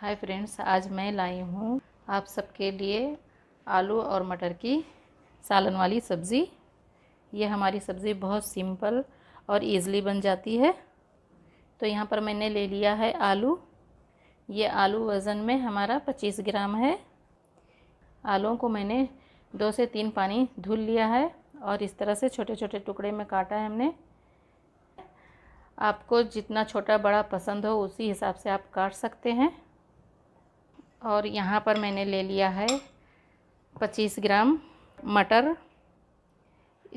हाय friends आज मैं लाई हूँ आप सबके लिए आलू और मटर की सालन वाली सब्ज़ी ये हमारी सब्ज़ी बहुत सिंपल और इजीली बन जाती है तो यहाँ पर मैंने ले लिया है आलू ये आलू वज़न में हमारा 25 ग्राम है आलूओं को मैंने दो से तीन पानी धुल लिया है और इस तरह से छोटे छोटे टुकड़े में काटा है हमने आपको जितना छोटा बड़ा पसंद हो उसी हिसाब से आप काट सकते हैं और यहाँ पर मैंने ले लिया है पच्चीस ग्राम मटर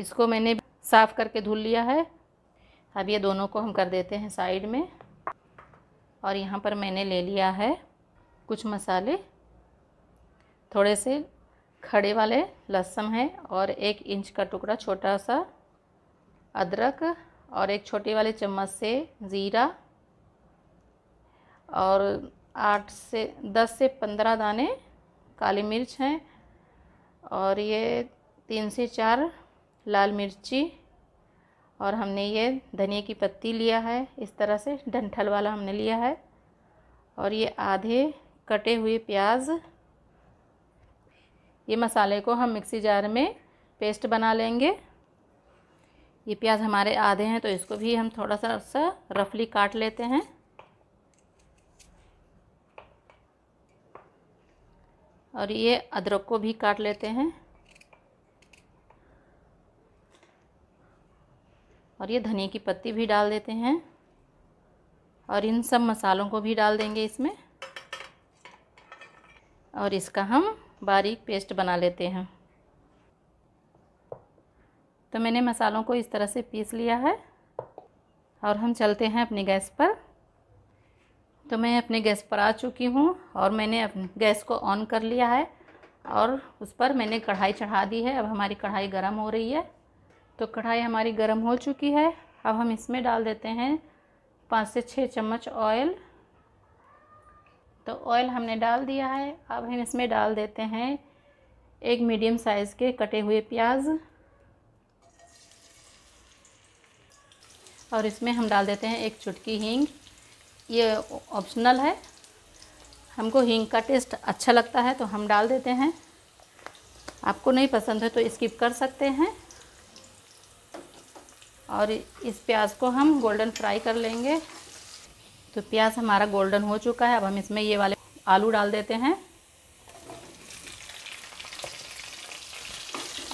इसको मैंने साफ़ करके धुल लिया है अब ये दोनों को हम कर देते हैं साइड में और यहाँ पर मैंने ले लिया है कुछ मसाले थोड़े से खड़े वाले लहसुन है और एक इंच का टुकड़ा छोटा सा अदरक और एक छोटे वाले चम्मच से ज़ीरा और आठ से दस से पंद्रह दाने काली मिर्च हैं और ये तीन से चार लाल मिर्ची और हमने ये धनिया की पत्ती लिया है इस तरह से डंठल वाला हमने लिया है और ये आधे कटे हुए प्याज ये मसाले को हम मिक्सी जार में पेस्ट बना लेंगे ये प्याज हमारे आधे हैं तो इसको भी हम थोड़ा सा सा रफली काट लेते हैं और ये अदरक को भी काट लेते हैं और ये धनिया की पत्ती भी डाल देते हैं और इन सब मसालों को भी डाल देंगे इसमें और इसका हम बारीक पेस्ट बना लेते हैं तो मैंने मसालों को इस तरह से पीस लिया है और हम चलते हैं अपने गैस पर तो मैं अपने गैस पर आ चुकी हूँ और मैंने अपने गैस को ऑन कर लिया है और उस पर मैंने कढ़ाई चढ़ा दी है अब हमारी कढ़ाई गर्म हो रही है तो कढ़ाई हमारी गर्म हो चुकी है अब हम इसमें डाल देते हैं पाँच से छः चम्मच ऑयल तो ऑयल हमने डाल दिया है अब हम इसमें डाल देते हैं एक मीडियम साइज़ के कटे हुए प्याज और इसमें हम डाल देते हैं एक चुटकी हींग ये ऑप्शनल है हमको हींग का टेस्ट अच्छा लगता है तो हम डाल देते हैं आपको नहीं पसंद है तो स्किप कर सकते हैं और इस प्याज को हम गोल्डन फ्राई कर लेंगे तो प्याज हमारा गोल्डन हो चुका है अब हम इसमें ये वाले आलू डाल देते हैं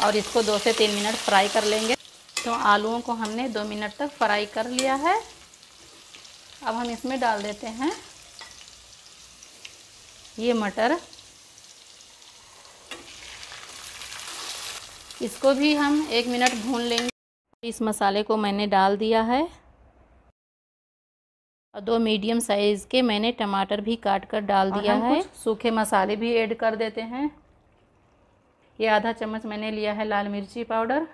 और इसको दो से तीन मिनट फ्राई कर लेंगे तो आलूओं को हमने दो मिनट तक फ्राई कर लिया है अब हम इसमें डाल देते हैं ये मटर इसको भी हम एक मिनट भून लेंगे इस मसाले को मैंने डाल दिया है और दो मीडियम साइज़ के मैंने टमाटर भी काट कर डाल दिया है सूखे मसाले भी ऐड कर देते हैं ये आधा चम्मच मैंने लिया है लाल मिर्ची पाउडर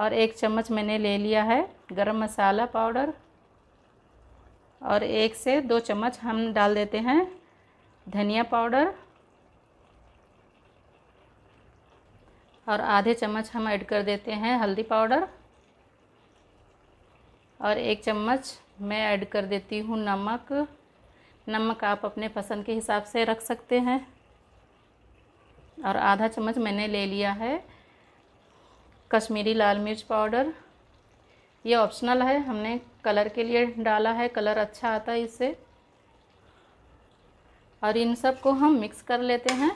और एक चम्मच मैंने ले लिया है गरम मसाला पाउडर और एक से दो चम्मच हम डाल देते हैं धनिया पाउडर और आधे चम्मच हम ऐड कर देते हैं हल्दी पाउडर और एक चम्मच मैं ऐड कर देती हूँ नमक नमक आप अपने पसंद के हिसाब से रख सकते हैं और आधा चम्मच मैंने ले लिया है कश्मीरी लाल मिर्च पाउडर ये ऑप्शनल है हमने कलर के लिए डाला है कलर अच्छा आता है इससे और इन सब को हम मिक्स कर लेते हैं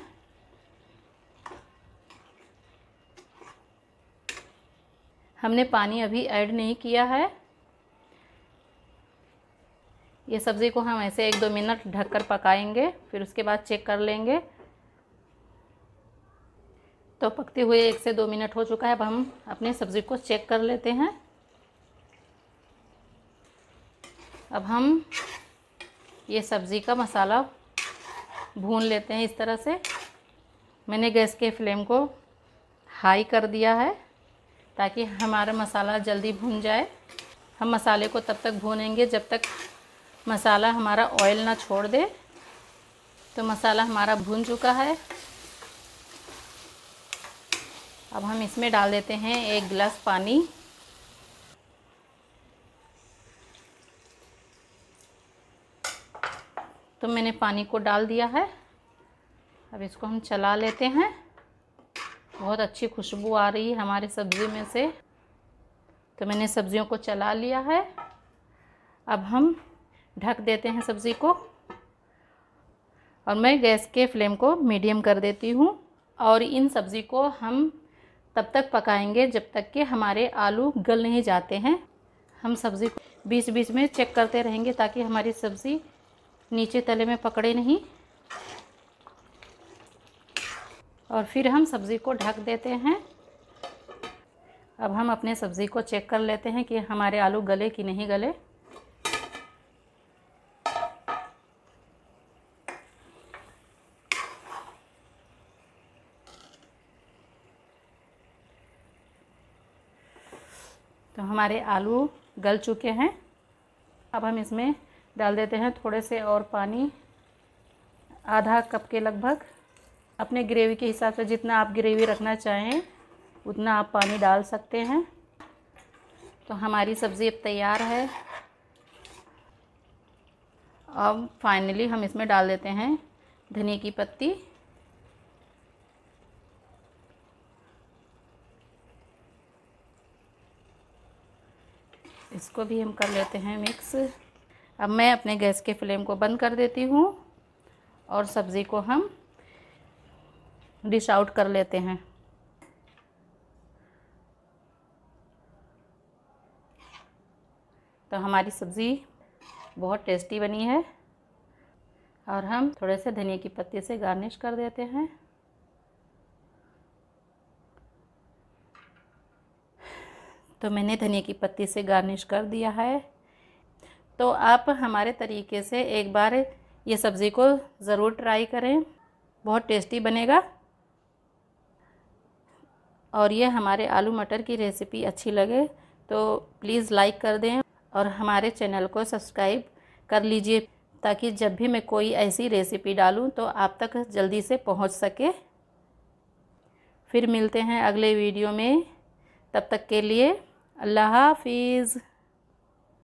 हमने पानी अभी ऐड नहीं किया है ये सब्ज़ी को हम ऐसे एक दो मिनट ढककर पकाएंगे फिर उसके बाद चेक कर लेंगे तो पकते हुए एक से दो मिनट हो चुका है अब हम अपने सब्ज़ी को चेक कर लेते हैं अब हम ये सब्ज़ी का मसाला भून लेते हैं इस तरह से मैंने गैस के फ्लेम को हाई कर दिया है ताकि हमारा मसाला जल्दी भून जाए हम मसाले को तब तक भूनेंगे जब तक मसाला हमारा ऑयल ना छोड़ दे तो मसाला हमारा भून चुका है अब हम इसमें डाल देते हैं एक गिलास पानी तो मैंने पानी को डाल दिया है अब इसको हम चला लेते हैं बहुत अच्छी खुशबू आ रही है हमारे सब्ज़ी में से तो मैंने सब्ज़ियों को चला लिया है अब हम ढक देते हैं सब्ज़ी को और मैं गैस के फ्लेम को मीडियम कर देती हूँ और इन सब्ज़ी को हम तब तक पकाएंगे जब तक कि हमारे आलू गल नहीं जाते हैं हम सब्ज़ी बीच बीच में चेक करते रहेंगे ताकि हमारी सब्ज़ी नीचे तले में पकड़े नहीं और फिर हम सब्ज़ी को ढक देते हैं अब हम अपने सब्ज़ी को चेक कर लेते हैं कि हमारे आलू गले कि नहीं गले तो हमारे आलू गल चुके हैं अब हम इसमें डाल देते हैं थोड़े से और पानी आधा कप के लगभग अपने ग्रेवी के हिसाब से जितना आप ग्रेवी रखना चाहें उतना आप पानी डाल सकते हैं तो हमारी सब्ज़ी अब तैयार है अब फाइनली हम इसमें डाल देते हैं धनिया की पत्ती इसको भी हम कर लेते हैं मिक्स अब मैं अपने गैस के फ्लेम को बंद कर देती हूँ और सब्ज़ी को हम डिश आउट कर लेते हैं तो हमारी सब्ज़ी बहुत टेस्टी बनी है और हम थोड़े से धनिया की पत्ती से गार्निश कर देते हैं तो मैंने धनिया की पत्ती से गार्निश कर दिया है तो आप हमारे तरीके से एक बार ये सब्ज़ी को ज़रूर ट्राई करें बहुत टेस्टी बनेगा और ये हमारे आलू मटर की रेसिपी अच्छी लगे तो प्लीज़ लाइक कर दें और हमारे चैनल को सब्सक्राइब कर लीजिए ताकि जब भी मैं कोई ऐसी रेसिपी डालूं तो आप तक जल्दी से पहुंच सके फिर मिलते हैं अगले वीडियो में तब तक के लिए अल्लाह हाफिज़